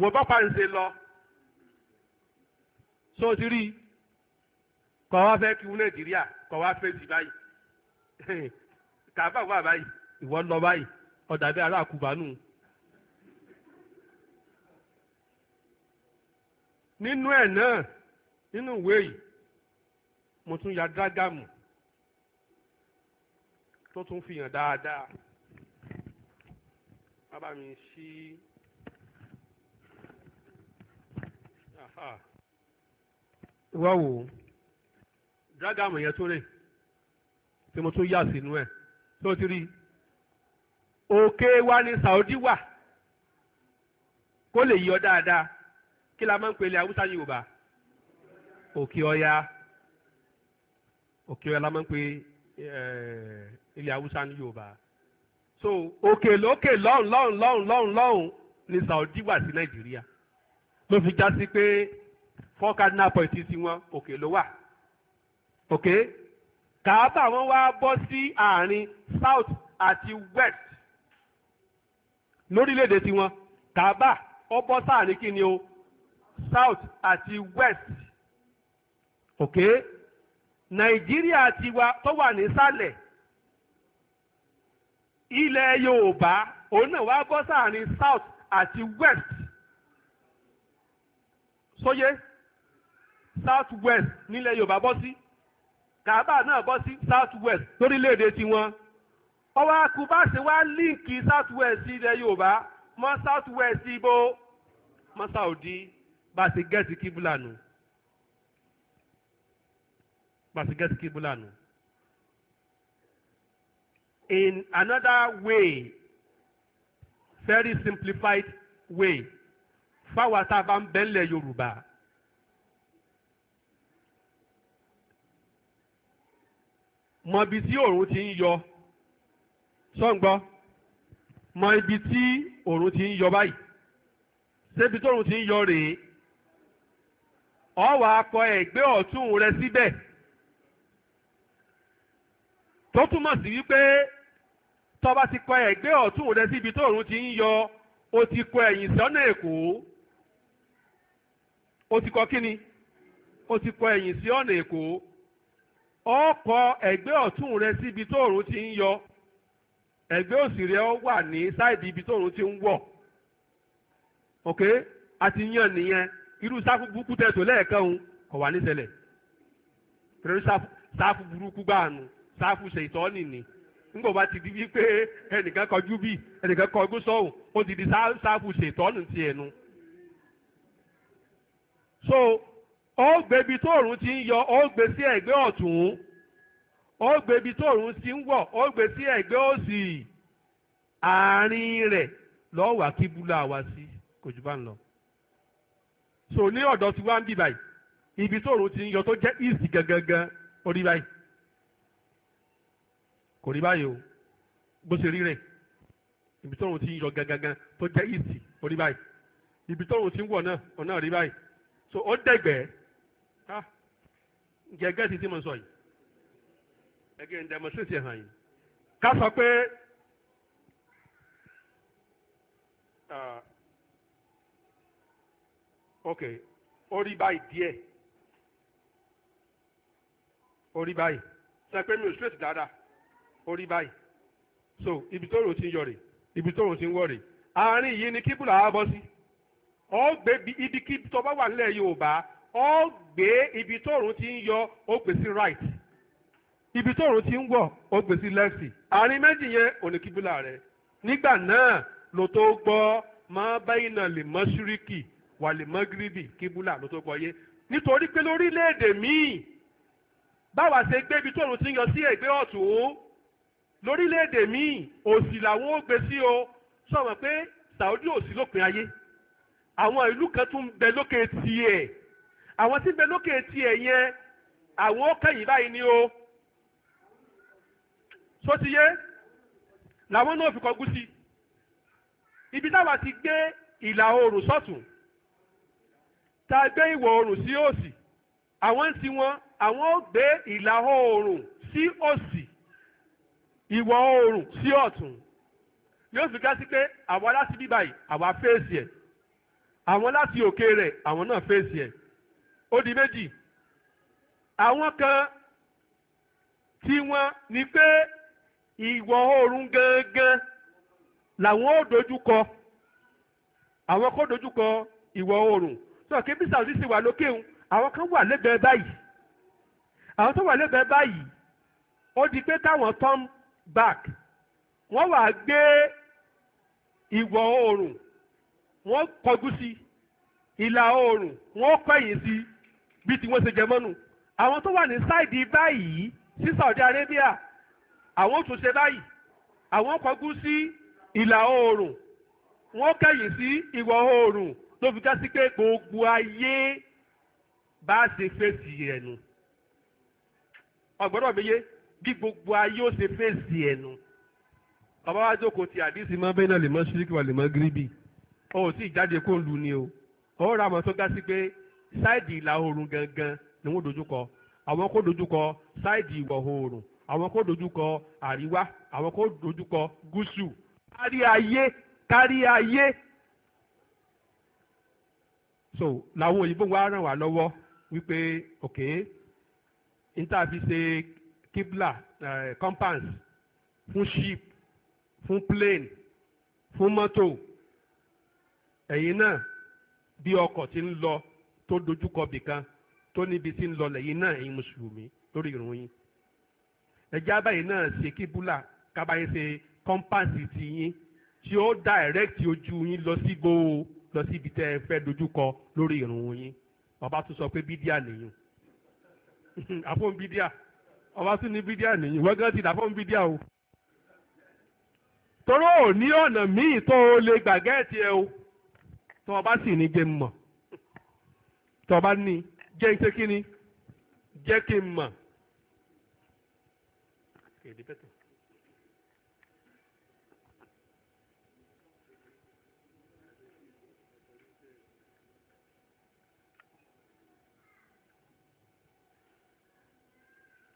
wò bá pàṣẹ lọ so ti rí kọ́ wá fẹ́ kí wọ́n nàìjíríà kọ́ wá fẹ́ sí báyìí kàbá wà báyìí ìwọ lọ báyìí ọ̀dà bí ará kùbánù. nínú ẹ̀ náà nínú ìwé yìí mo tún ya dágàmù tó tún fi hàn dáadáa bàbá mi ṣí. Si wá wò ó dírágàmù yẹn tó rè tí mo tún yà sínú ẹ̀ tó ti rí òkè wa ni Saudi wà kó lè yọ dáadáa kí la máa ń pèlè haúsá Yorùbá òkè ọya òkè ọya la máa ń pè eh, ilé haúsá ní Yorùbá so òkè lókè lọ́hùn lọ́hùn lọ́hùn lọ́hùn lọ́hùn ni Saudi wà sí Nàìjíríà. ló fi já sí pé four cardinal points tiwọn òkè ló wà òkè kàábà wọn wá bọ́ sí àárín south àti west lórílẹ̀‐èdè tiwọn kàábà ó bọ́ sáàrin kí ni o south àti west òkè nàìjíríà tiwa tó wà nísàlẹ̀ ilẹ̀ yorùbá òun náà wá bọ́ sáàrin south àti west sóyé south west nílẹ̀ yorùbá bọ́ sí kàábà náà bọ́ sí south west lórílẹ̀‐èdè tiwọn ọwọ́ akú bá ṣe wá líǹkì south west ilẹ̀ yorùbá mọ́ south west ibo mọ́ saudi bá ṣe gẹ́ẹ̀sì kíbúlà nù bá ṣe gẹ́ẹ̀sì kíbúlà nù. in another way very simplified way fáwa tá a bá ń bẹ ńlẹ̀ Yorùbá. mọ ibi tí òòrùn ti ń yọ sọ́ǹgbọ́ mọ ibi tí òòrùn ti ń yọ báyìí ṣébi tóòrùn ti ń yọ rèé ọwọ́ akọ ẹ̀gbẹ́ ọ̀tún rẹ síbẹ̀ tó túmọ̀ sí wípé tó ti kọ ẹ̀gbẹ́ ọ̀tún rẹ síbi tóòrùn ti ń yọ o ti kọ ẹ̀yìn sọ́nà Èkó o ti kọ kini o ti kọ ẹ̀yìn sí ọ̀nà èkó ọ kọ ẹ̀gbẹ́ ọ̀tún rẹ síbi tóòrùn ti ń yọ ẹ̀gbẹ́ òsì rẹ wà ní sáìdì ibi tóòrùn ti ń wọ̀ ok àti yan nìyẹn irú sáfù burúkú lẹ́ẹ̀kan wá ní pẹ̀lú sáfù burúkú gbàánu sáfù bá ti di wípé ẹnìkan kọjú bí ẹnìkan kọjú sọ́hùn ó ti di sáfù so ó tó tóòrùn ti ń yọ ó gbé sí ẹ̀gbẹ́ ọ̀tún ó ti ń wọ ó gbé sí ẹ̀gbẹ́ òsì àárín rẹ̀ lọ́wọ́ akíbúlà wá sí so ní ọ̀dọ̀ tí wá ibi ti ń yọ tó east gangan ó rí báyìí kò o bó ibi tóòrùn ti ń yọ gangan tó jẹ́ east ó ibi ti ń wọ̀ náà ọ̀nà so ó dẹ̀gbẹ́ ha ǹjẹ́ gẹ́ẹ̀sì tí mo sọ yìí ẹgbẹ́ ìdẹ́mọ̀síṣì hàn yìí ká sọ pé ok ó rí báyìí díẹ̀ ó rí báyìí sọ pé mi ò straight dáadáa ó báyìí so ibi tó rò ti ń yọ rè ibi tó rò ti ń wọ̀ rè àárín yìí ni kíbùlà á bọ́ sí. Si ọ gbé ibikíbi tó bá wà nílẹ̀ Yorùbá ọ gbé ibi tóòrùn ti ń yọ ó gbé sí right ibi tóòrùn ti ń wọ̀ ó gbé sí left àárín méjì yẹn oníkíbílà rẹ nígbà náà ló tó gbọ́ máa báyìí náà lè mọ́ ṣíríkì wà lè mọ́ gíríbì kíbúlà ló tó gbọ́ yé nítorí pé lórílẹ̀‐èdè míì báwa ṣe gbé ibi tóòrùn ti ń yọ sí ẹ̀gbẹ́ ọ̀tún lórílẹ̀‐èdè míì òsì làwọn ó gbé sí o sọ̀rọ̀ pé Saudi òsì lópin ayé àwọn ìlú kan tún bẹ lókè tiẹ̀ àwọn tí bẹ lókè tiẹ̀ yẹn àwọn ó kẹ́yìn báyìí ni o tó ti yé làwọn náà fi kọjú sí ibi táwa ti gbé ìlà oòrùn sọ́tún tá a gbé ìwọ̀ oòrùn sí òsì àwọn ń ti wọn àwọn ó gbé ìlà oòrùn sí òsì ìwọ̀ oòrùn sí ọ̀tún yóò fi gá sí pé àwa láti bí báyìí àwa fèsì ẹ̀ àwọn láti òkè rẹ̀ àwọn náà fèsì ẹ̀ ó di méjì àwọn kan tí wọ́n ní pé ìwọ̀ oòrùn gangan làwọn ò dojúkọ àwọn kò dojúkọ ìwọ̀ oòrùn sọ kí bísà òsì sì wà lókè òun àwọn kan wà lẹ́gbẹ̀ẹ́ báyìí àwọn tó wà lẹ́gbẹ̀ẹ́ báyìí ó di pé káwọn turn back wọ́n wà gbé ìwọ̀ oòrùn wọ́n kọjú sí ìlà oòrùn wọ́n pẹ̀yìn sí bí tí wọ́n ṣe jẹ mọ́nu àwọn tó wà ní sáìdì báyìí sí Saudi Arabia àwọn tún ṣe báyìí àwọn kọjú sí ìlà oòrùn wọ́n kẹ̀yìn sí ìwọ̀ oòrùn tó fi ká sí pé gbogbo ayé bá ṣe fèsì ẹnu ọgbọ́dọ̀ mi yé bí gbogbo ayé ó ṣe fèsì ẹnu bàbá wa jókòó ti àdìsí máa bẹ́ẹ̀ náà lè mọ́ ṣíríkì wà lè mọ́ gíríbì o ò tí ì jáde kó lu ni o ó ra àwọn tó ga sí pé sáìdì ìlà oòrùn gangan ni wọ́n dojúkọ àwọn kó dojúkọ sáìdì ìwọ̀ oòrùn àwọn kó dojúkọ àríwá àwọn kó dojúkọ gúúsù kárí ayé kárí ayé so làwọn òyìnbó wa ràn wá lọ́wọ́ wípé ok níta fi kibla uh, eh, compass fún ship fún plane fún mọ́tò ẹ̀yin náà bí ọkọ̀ ti ń lọ tó dojúkọ bìkan tó níbi tí ń lọ lẹ́yìn náà ẹ̀yin mùsùlùmí lórí ìrun yín ẹ̀jẹ̀ abáyé náà ṣe kíbúlà kábàáyé ṣe kọ́ńpáàsì ti yín tí ó dàírẹ́kìtì ojú yín lọ sí gbòó lọ sí ibi tẹ́ ẹ fẹ́ dojúkọ lórí ìrun yín ọba tún sọ pé bídíà nìyẹn àfọ̀n bídíà ọba tún ní bídíà nìyẹn wọ́gán ti dàfọ̀n bídíà o toró ò ní ọ̀nà míì tó o lè gbàgẹ́ẹ̀tì ẹ o tó o bá sì ní jẹ́ mọ̀ tó o bá ní jẹ́ iṣẹ́ kí ni jẹ́ kí n mọ̀.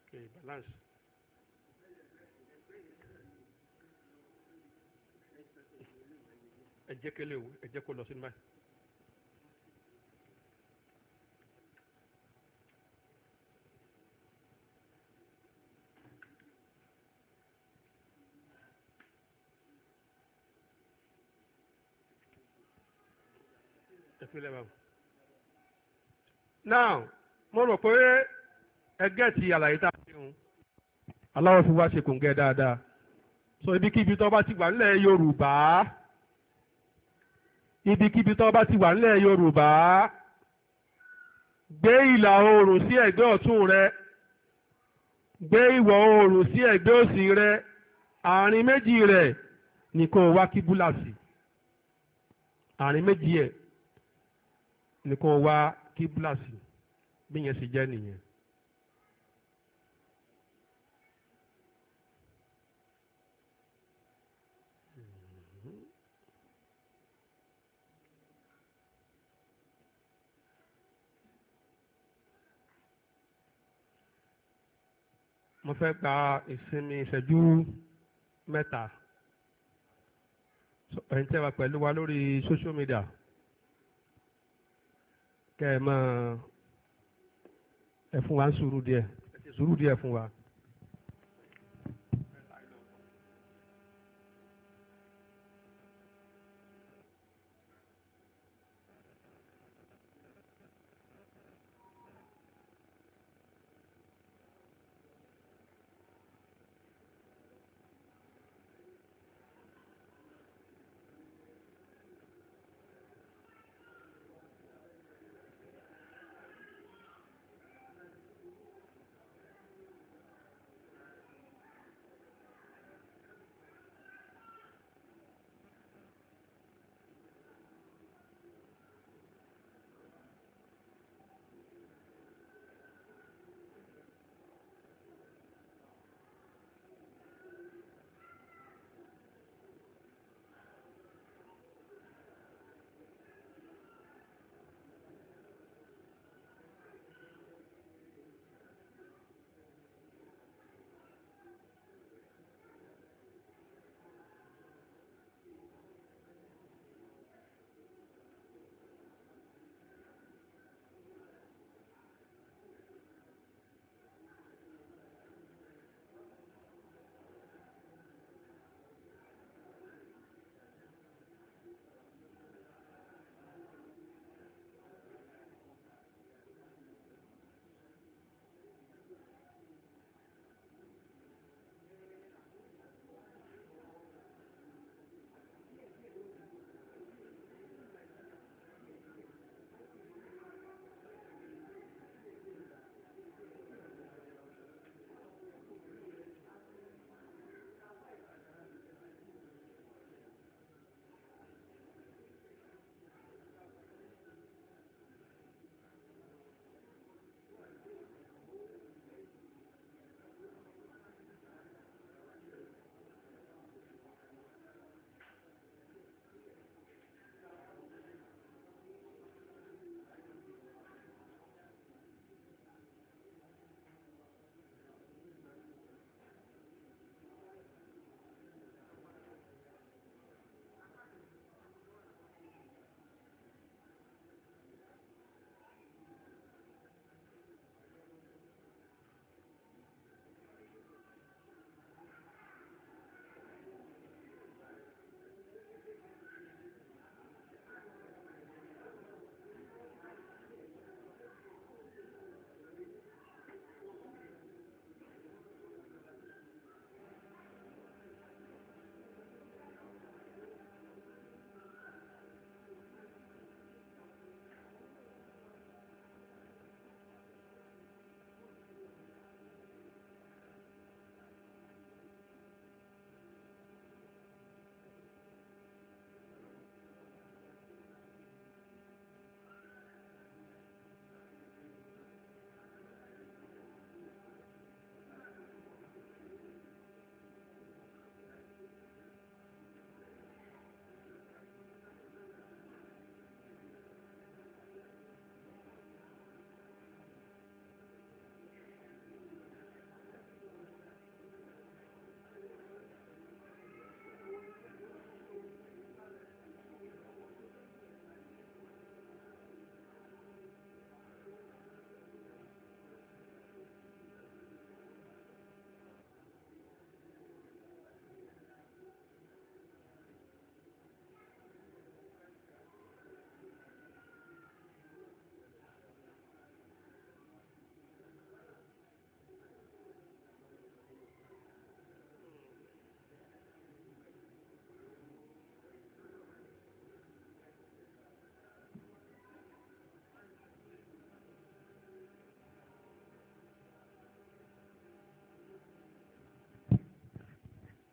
Okay, balance. ẹ̀jẹ̀ kẹlẹ́ o ẹ̀jẹ̀ kó lọ sínú báyìí. ìpínlẹ̀ bàbá. now mo rò pé ẹgẹ́ ti àlàyé tá a fi hun aláwọ̀ fi wá ṣe kòǹgẹ́ dáadáa so ibikíbi tó bá ti wà nílẹ̀ Yorùbá ibikíbi tó bá ti wà nílẹ̀ yorùbá gbé ìlà oòrùn sí ẹ̀gbẹ́ ọ̀tún rẹ gbé ìwọ̀ oòrùn sí ẹ̀gbẹ́ òsì rẹ àárín méjì rẹ nìkan wá kíbúlà àárín méjì ẹ̀ nìkan wá kíbúlà bí yẹn ṣe jẹ́ nìyẹn. mo fẹ́ gba ìsinmi ìṣẹ́jú mẹ́ta ẹ̀yin tẹ́ wa pẹ̀lú wa lórí social media kẹ́ ẹ máa ẹ fún wa ń sùúrù díẹ̀ ẹ ti sùúrù díẹ̀ fún wa.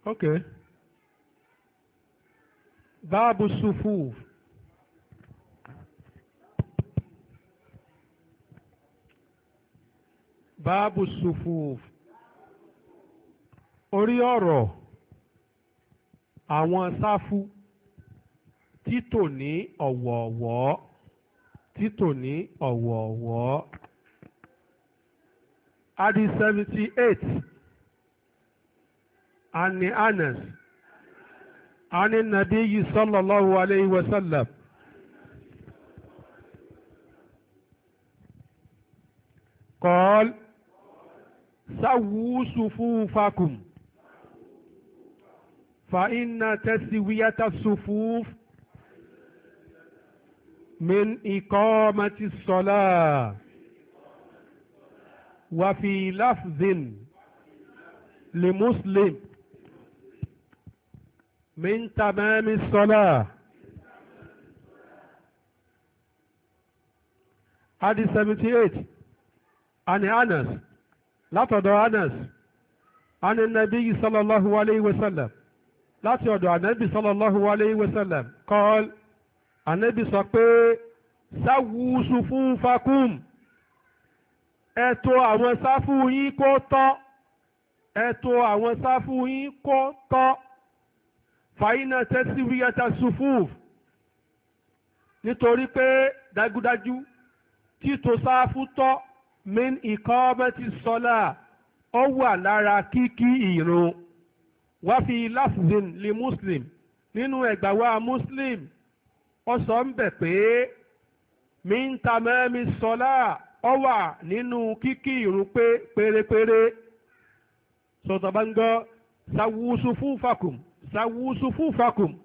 okay báàbù sùfù báàbù sùfù orí ọ̀rọ̀ àwọn sáfù títò ní ọ̀wọ̀ọ̀wọ́ títò ní ọ̀wọ̀ọ̀wọ́ adi seventy eight. عن أنس عن النبي صلى الله عليه وسلم قال سووا صفوفكم فإن تسوية الصفوف من إقامة الصلاة وفي لفظ لمسلم من تمام الصلاة حديث 78 عن أنس لا تدع أنس عن النبي صلى الله عليه وسلم لا تدع النبي صلى الله عليه وسلم قال النبي صلى الله عليه وسلم sáwù sùfúnfakùm ẹ̀tò àwọn sáfù yín kó tọ́ ẹ̀tò àwọn sáfù yín kó tọ́. fàyínà tẹ́síwíyàtà sùfúùf nítorí pé dájúdájú títò sáfù tọ́ min ti sọ́lá ó wà lára kíkí ìrun wá fi láfùzìn lè muslim nínú ẹ̀gbàwá muslim ó sọ ń bẹ̀ pé min tamẹ́mi sọ́lá ó wà nínú kíkí ìrun pé pérépéré sọ̀tọ̀ bá ń gọ́ sawu sufufakum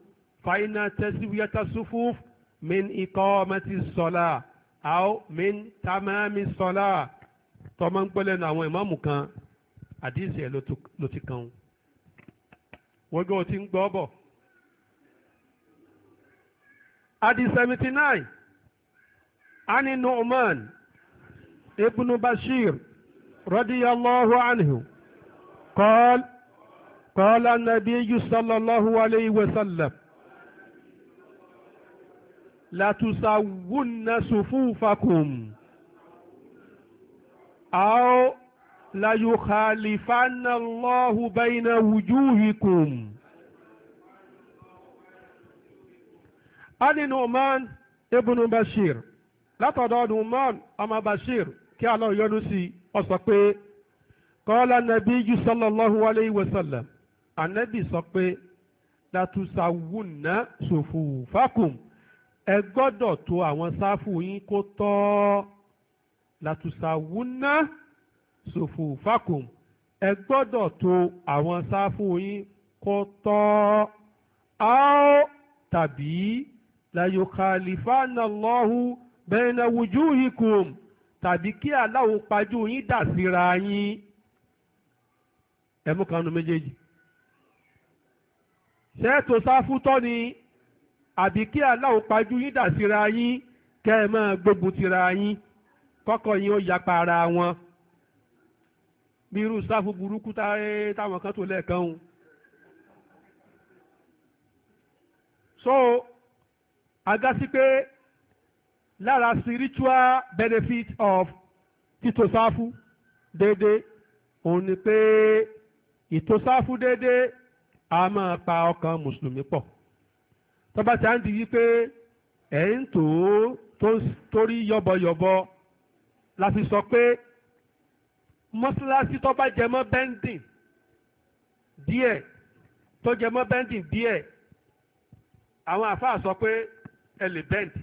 faina taswiyata sufuf min iqamati sọla aw min tamami sọla tọmọ n pẹlẹ na àwọn ìmáàmù kan àdìsí ẹ ló ti kàn wọn gbọ́ ti ń gbọ́ bọ̀. adi 79 ani nu'man ibnu bashir radiyallahu anhu qala. قال النبي صلى الله عليه وسلم لا لتسون صفوفكم أو يخالفن الله بين وجوهكم عن نعمان ابن بشير látọ̀dọ̀ Numan ọmọ Bashir kí Allah yọ́nú sí ó sọ pé قال النبي صلى الله عليه وسلم ànábì sọ pé latusawunna sufufakum ẹ gbọ́dọ̀ tò àwọn sáfù yín kó tọ́ latusawunna sufufakum ẹ gbọ́dọ̀ tò àwọn sáfù yín kó tọ́ áó tàbí layokalifanallahu bẹ́ẹ̀nà wujuhikum tàbí kí aláwo pajú yín dà síra yín ẹ mú kanu méjèèjì ṣé ètò sáfútọ́ ni àbí kí aláwo pajú yín dà síra yín kẹ́ ẹ máa gbógun tira yín kọ́kọ́ yín ó yapa ara wọn bí sáfù burúkú eh, táwọn kan tó lẹ́ẹ̀kan o. so agasi pé lára spiritual benefit of títò sáfù déédéé òun ni pé ìtò sáfù déédéé a máa pa ọkàn mùsùlùmí pọ̀ tọ́ba tí a ń di wípé ẹ̀ ń tò ó torí yọ̀bọ̀yọ̀bọ la fi sọ pé mọ́ṣáláṣí tọ́ba jẹ mọ́ bẹ́ńdìn díẹ̀ tó jẹ mọ́ bẹ́ńdìn díẹ̀ àwọn àfáà sọ pé ẹ lè bẹ́ǹdì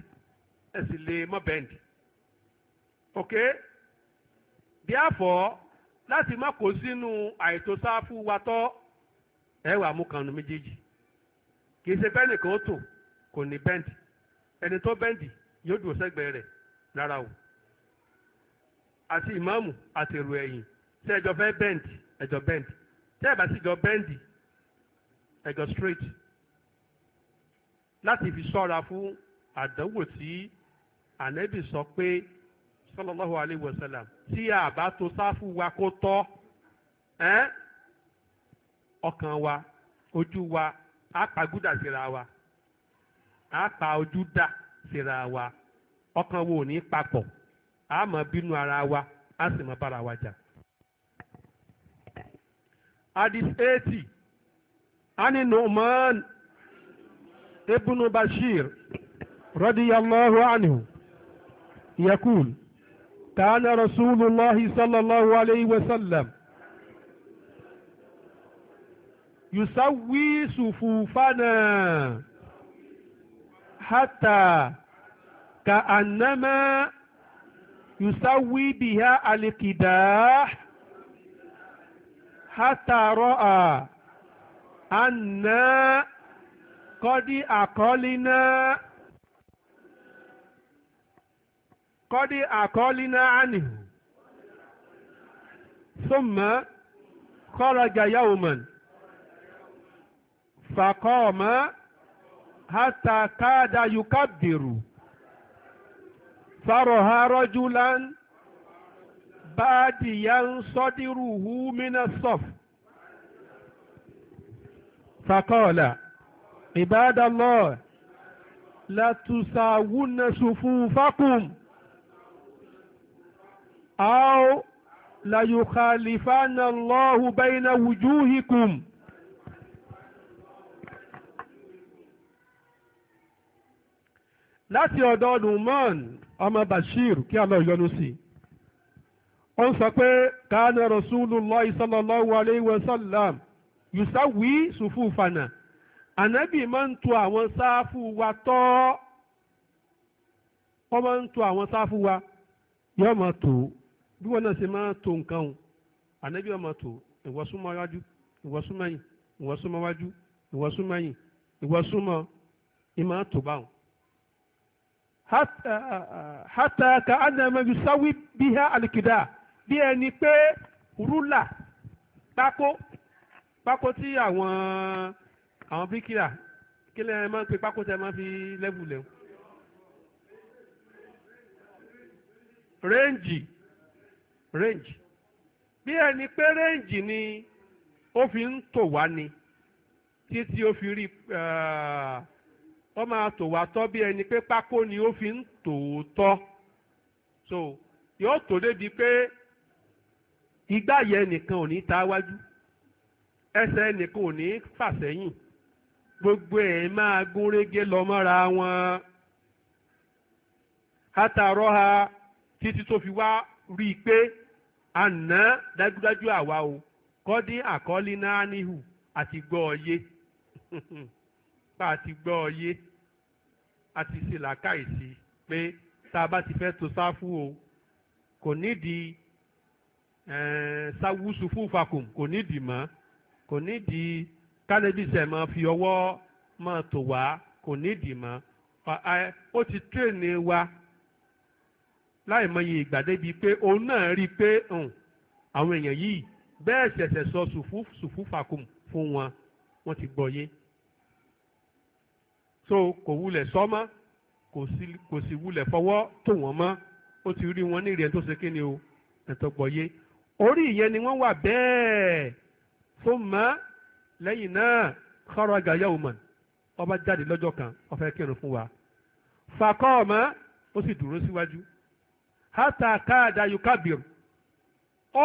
ẹ sì lè mọ́ bẹ́ǹdì ok therefore láti má kó sínú àìtó sáfù wa tọ́ ẹ wà mú kanu méjèèjì kì í ṣe pé ẹnìkan ó tò kò ní bẹ́ǹdì ẹni tó bẹ́ǹdì yóò dùn sẹ́gbẹ̀ẹ́ rẹ̀ rárá o àti ìmáàmù àti èrò ẹ̀yìn ṣé ẹjọ́ fẹ́ bẹ́ǹdì ẹjọ́ bẹ́ǹdì ṣé ẹ sì jọ bẹ́ǹdì ẹjọ́ straight láti fi ṣọ́ra fún àdánwò tí ànẹ́bì sọ pé sallallahu alayhi wa tí a bá to sáfù wa kó tọ́ ẹ́. Ọkanwa ojuwa akpa gụda siri ha wa akpa oju da siri ha wa ọkanwa onyekpapọ ama bino a ha ha asị mụbara a jà. Adịb eti a na ị na ụmụnne Ebe ụnụ Bashir radị Ya Allah anụ ya ku taa na rasulillah sallallahu alayhi wa sallam. يسوي صفوفنا حتى كأنما يسوي بها الكداح حتى رأى أن قد أقلنا قد أقلنا عنه ثم خرج يوما فقام حتى كاد يكبر فرها رجلا باديا صدره من الصف فقال عباد الله لا تساوون صفوفكم أو ليخالفن الله بين وجوهكم láti ọ̀dọ̀ numan ọmọ bashir kí Allah yọ́nú sí ó ń sọ pé káánà rasulullah sallallahu alayhi wa sallam yusawi sufufana ànábì máa ń tò àwọn sáfù wa tọ́ ọ máa ń tò àwọn sáfù wa yóò máa tò bí wọn náà ṣe máa tò nǹkan o ànábì yóò máa tò ìwọ́súnmọ́ wájú yìí ìwọ́súnmọ́ wájú ìwọ́súnmọ́ yìí ìwọ́súnmọ́ ìmọ̀ tò báwọn. hata eh, eh, eh, ka anama yusawi biha alikida bí ẹni pé rúlà pákó pákó tí àwọn àwọn bíkìlà kí lẹ́yìn máa ń pe pákó tẹ́ máa fi lẹ́bù lẹ́hùn. rẹ́ǹjì rẹ́ǹjì bí ẹni pé rẹ́ǹjì ni ó fi ń tò wá ni títí ó fi rí. Uh, ó máa tò wá tọ́ bí ẹni pé pákó ni ó fi ń tò ó tọ́ so yóò tò débi pé igbá yẹn nìkan ò ní ta wájú ẹsẹ̀ nìkan ò ní fà sẹ́yìn gbogbo ẹ̀ máa gún régé lọ mọ́ra wọn àtàrọ́ ha títí tó fi wá rí i pé àná dájúdájú àwa o kọ́ dín àkọ́lé náà níhù àti gbọ́ ọ yé. pa àti gbọ́ ọyé àti ṣe làákàyèsí pé tá a bá ti fẹ́ to sáfù o kò nídìí eh, sáwùsù fún fakùn kò nídìí mọ́ kò nídìí kálẹ́bíṣẹ̀ mọ́ fi ọwọ́ mọ́ tò wá kò nídìí mọ́ ó ti tírèèni wa láì mọye ìgbà débi pé òun náà rí i pé àwọn èèyàn yìí bẹ́ẹ̀ ṣẹ̀ṣẹ̀ sọ sùfú sùfú fakùn fún wọn wọ́n ti gbọ́ yé. to kò wulẹ̀ sọ́mọ́ kò sì wulẹ̀ fọwọ́ tó wọ́n mọ́ ó ti rí wọn ní ìrìn tó ṣe kíni o ẹ̀tọ́gbọ̀yé orí ìyẹn ni wọ́n wà bẹ́ẹ̀ fún mọ́ lẹ́yìn náà kọ́rọ̀ àgàyà òmàn ọba jáde lọ́jọ́ kan ó fẹ́ kírun fún wa fàkọ́ ọ̀mọ́ ó sì dúró síwájú hátà káàdà yukabir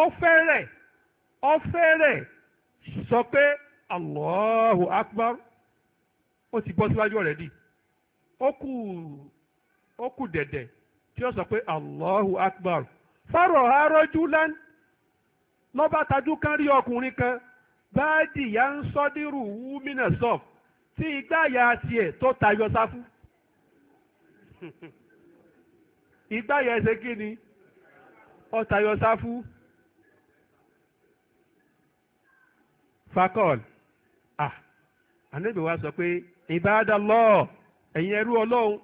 ó fẹ́rẹ̀ ó fẹ́rẹ̀ sọ pé Allahu akbar ó ti bọ́ síwájú ọ̀rẹ́ dì ó kù dẹ̀dẹ̀ tí ó sọ pé allahu akbar fọ́rọ̀ arọ́jú lán lọ́ba tajú kan rí ọkùnrin kan báàdì ya ń sọ́dírù wúmínà sọ́f tí ìgbáyà tiẹ̀ tó tayọ sáfú ìgbáyà ẹsẹ̀ kí ni ó tayọ sáfú fakọ́ọ̀lù ah ànábì sọ pé ìbádàlọ́ ẹ̀yin ẹrú ọlọ́run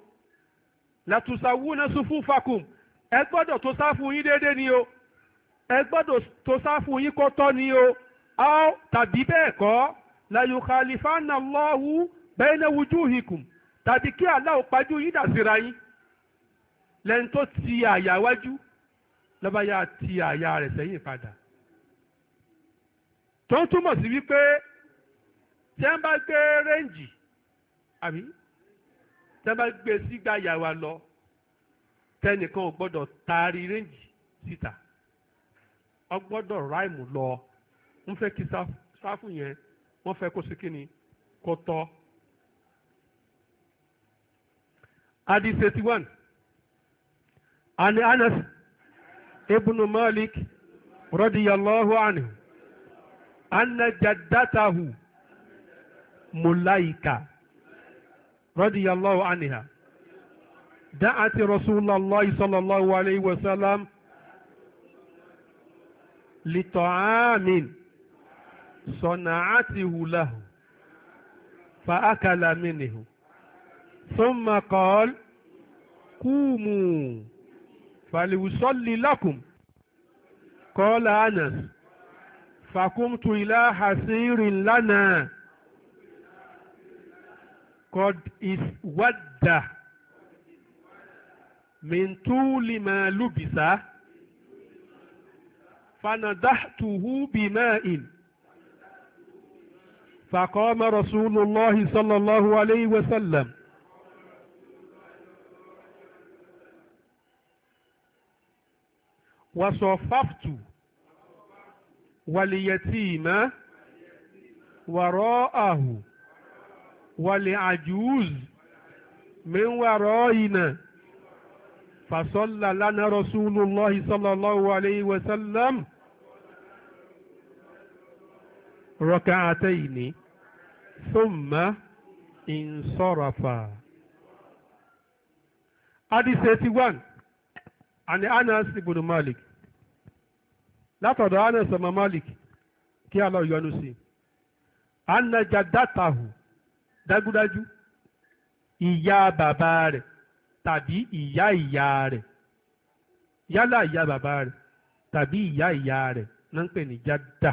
látúnṣàwú náà sún fún fakùn ẹ gbọ́dọ̀ tó sá fún yín déédéé ni o ẹ gbọ́dọ̀ tó sá fún yín kó tọ́ ni o aw tàbí bẹ́ẹ̀ kọ́ láyò kàlífàánà lọ́hù bẹ́ẹ̀ náà wojú ìhìkùn tàbí kí aláwọ̀ pajú yín dàsíra yín lẹ́ni tó ti àyà wájú lọ́ba yá ti àyà rẹ̀ sẹ́yìn padà tó ń túmọ̀ sí wípé tí wọ́n bá gbé rẹ́ǹjì àbí tẹ́ bá gbé e sígbà yà wá lọ tẹ́nìkan ò gbọ́dọ̀ taari réǹjì síta ọ gbọ́dọ̀ ráìmù lọ ń fẹ́ kí sáfù yẹn wọ́n fẹ́ kó sí kíni kó tọ́. Hadith eighty one Ani Anas ibn Malik radiyallahu anhu anna jaddatahu mulaika. رضي الله عنها دعت رسول الله صلى الله عليه وسلم لطعام صنعته له فأكل منه ثم قال قوموا فليصلي لكم قال أنس فقمت إلى حسير لنا قد اسود من طول ما لبس فنضحته بماء فقام رسول الله صلى الله عليه وسلم وصففت واليتيم وراءه wàlẹ̀ àjùúz mẹ́wàárọ̀ ìnà fàṣọ́lá lánà rasulullahi sallallahu alayhi wa sallam raka'atayni thumma insarafa. Hadith 81 àni Anas ibn Malik látọ̀dọ̀ Anas ọmọ Malik kí a lọ yọnu sí. Anna jadatahu dájúdájú ìyá bàbá rẹ̀ tàbí ìyá ìyá rẹ̀ yálà ìyá bàbá rẹ̀ tàbí ìyá ìyá rẹ̀ ló ń pè ní jádà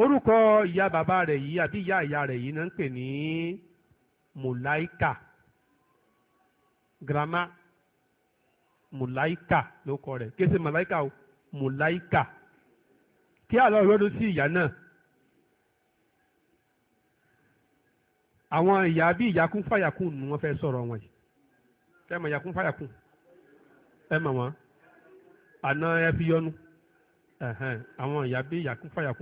orúkọ ìyá bàbá rẹ̀ yìí àbí ìyá ìyá rẹ̀ yìí ló ń pè ní mùláìkà grama mùláìkà ló kọ rẹ̀ kése mùláìkà o mùláìkà kí àlọ́ ìrọ́dún sí ìyá náà àwọn ìyá bí ìyàkún fàyàkún ni wọ́n fẹ́ sọ̀rọ̀ wọn yìí wọn àná ẹ fi yọnu àwọn ìyá bí wọn yìí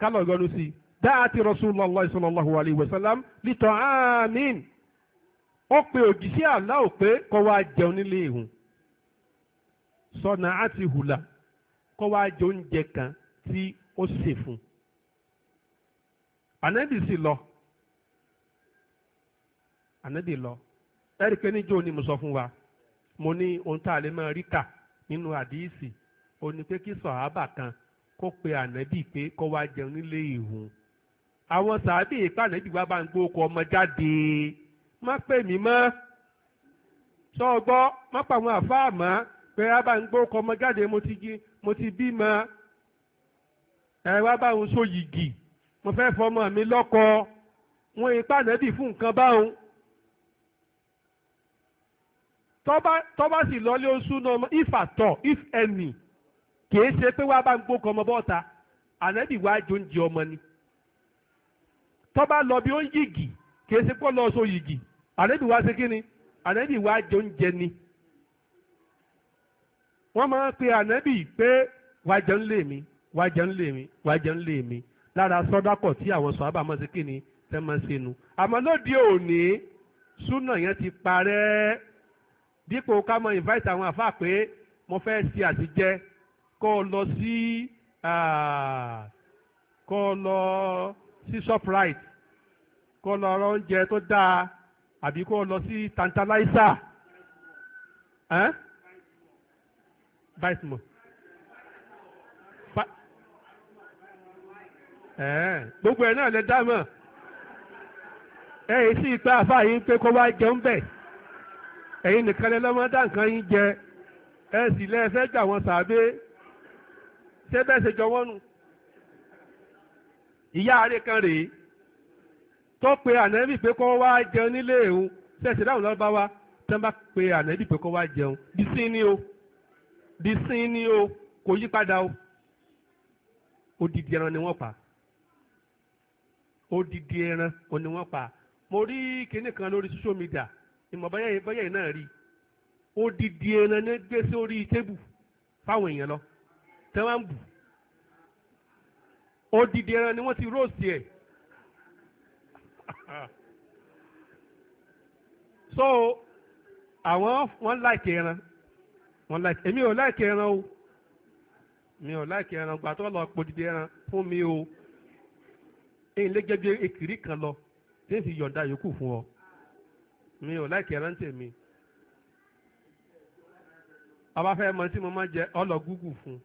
kálọ̀ yọnu sí i dáàtì rasulullahi sallallahu alayhi wa sallam àmín ó pe àlá ò pé wá jẹun nílé ìhùn àti hùlà ànábì si lọ ànábì lọ ẹ̀rí pé níjó ni mo sọ fún wa mo ni ohun tá a lè máa rí ninu adiisi àdíìsì ó ní pé kí sọ̀hábà kan ko pe ànábì pe kó wá jẹun nílé ìhùn àwọn sàábì ìpá ànábì wá bá ń gbó ọkọ ọmọ jáde má pè mí mọ́ sọ ọgbọ́ ma pa wọn àfáà ma pe a ba n gbó ọkọ ọmọ jáde mo ti bi ma ẹ wá bá ń so yigi mo fẹ́ fọmọ mi lọ́kọ wọn ipá nẹ́bì fún nǹkan báwọn tọ́ba sì lọ́lé oṣù náà ìfà tọ̀ if any kìí ṣe pé wàá bá ń gbókan ọmọ bọ́ta ànẹ́bì wàá jó ń jẹ ọmọ ni tọ́ba lọ bí ó ń yìgì kìí ṣe pọ́ lọ́ọ́ so yìgì ànẹ́bì wàá ṣe kí ni ànẹ́bì wàá jó ń jẹ ni wọ́n máa ń pe ànẹ́bì pé wàá jẹun lé mi wàá jẹun lé mi wàá jẹun lé mi lára sọ́dákọ̀ tí àwọn sọ̀hábà mọ̀ sí kíni tẹ́ mọ̀ sí nu àmọ́ lóde òní súnà yẹn ti parẹ́ dípò ká mọ invite àwọn àfáà pé mo fẹ́ ṣe àtijẹ kó o lọ sí kó o lọ sí shoprite kó o lọ rọ oúnjẹ tó dáa àbí kó o lọ sí tantalizer bite more gbogbo ẹ̀ náà lẹ dámọ̀ ẹ̀yìn sì pé àfáà yín pé kó wá jẹun bẹ̀ ẹ̀yin nìkan jẹ ẹ sì lẹ wọn sàbẹ ṣé ṣe jọ nù ìyá kan rèé tó pe ana pé kó wá jẹun nílé òun ṣẹ̀ṣẹ̀ dáhùn lọ́ba wa pe pé kó wá jẹun bí o bí o kò yí o odidi ẹran ni pa. odidi ẹran òní wọ́n pa mo rí kinní kan lórí social media ìmọ̀ báyẹ̀ báyẹ̀ náà rí odidi ẹran ní gbé sórí tébù fáwọn èèyàn lọ tẹ́ wọ́n bù odidi ẹran ni wọ́n ti roast ẹ̀ so àwọn wọ́n láìkì ẹran wọ́n like èmi ò like ẹran o mi ò like ẹran gbà tó lọ pòdìdì ẹran fún mi o. ẹ̀yin lé gẹ́gẹ́ ekiri kan lọ tí n fi yọ̀ǹda yòókù fún ọ mi ò láìkí ẹran tèmi ọba fẹ́ mọ tí mo máa jẹ ọlọ gúgù fún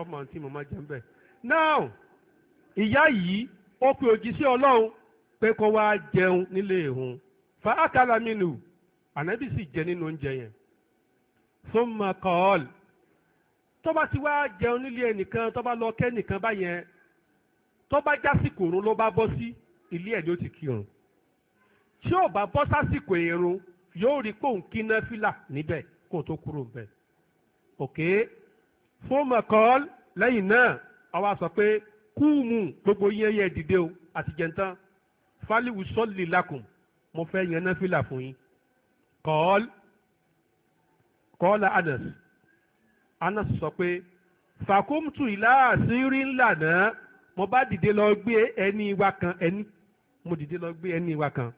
ọmọ tí mo máa jẹ ń bẹ̀. now ìyá yìí ó pe òjíṣẹ́ ọlọ́run pé kó wá jẹun nílé ìhun fa akala minu ànábì sì jẹ nínú oúnjẹ yẹn fún makọ́ọ̀lì tó bá ti wá jẹun nílé ẹnìkan tó bá lọ kẹ́ nìkan báyẹn tó bá jásìkò òrun ló bá bọ́ sí ilé ẹ̀ ló ti kírun tí ò bá bọ́ sásìkò èrò yóò rí pòun kí náfìlà níbẹ̀ kó tó kúrò bẹ̀. òkè fún mọ̀kọ́l lẹ́yìn náà àwa sọ pé kúùmù gbogbo yẹn yẹ dìde o àti jẹ̀ntán fálíwù sọ́ọ̀lì lakum mo fẹ́ yan náfìlà fún yín. kọ́ọ́l kọ́ọ́lá Anas Anas sọ pé fàkómtù ìlà àṣírí ńlá náà mo bá dìde lọ gbé ẹni wa kan ẹni mo dìde lọ gbé ẹni wa kan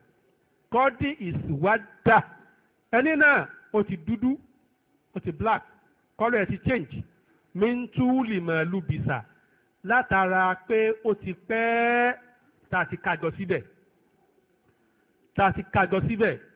kọ́dí ìsìwádà ẹni náà ó ti dúdú ó ti black kọ́lọ̀ ẹ̀ ti change mi ń túlì mọ̀ lùbìsà látara pé ó ti pẹ́ tá a ti kájọ síbẹ̀ tá a ti kájọ síbẹ̀.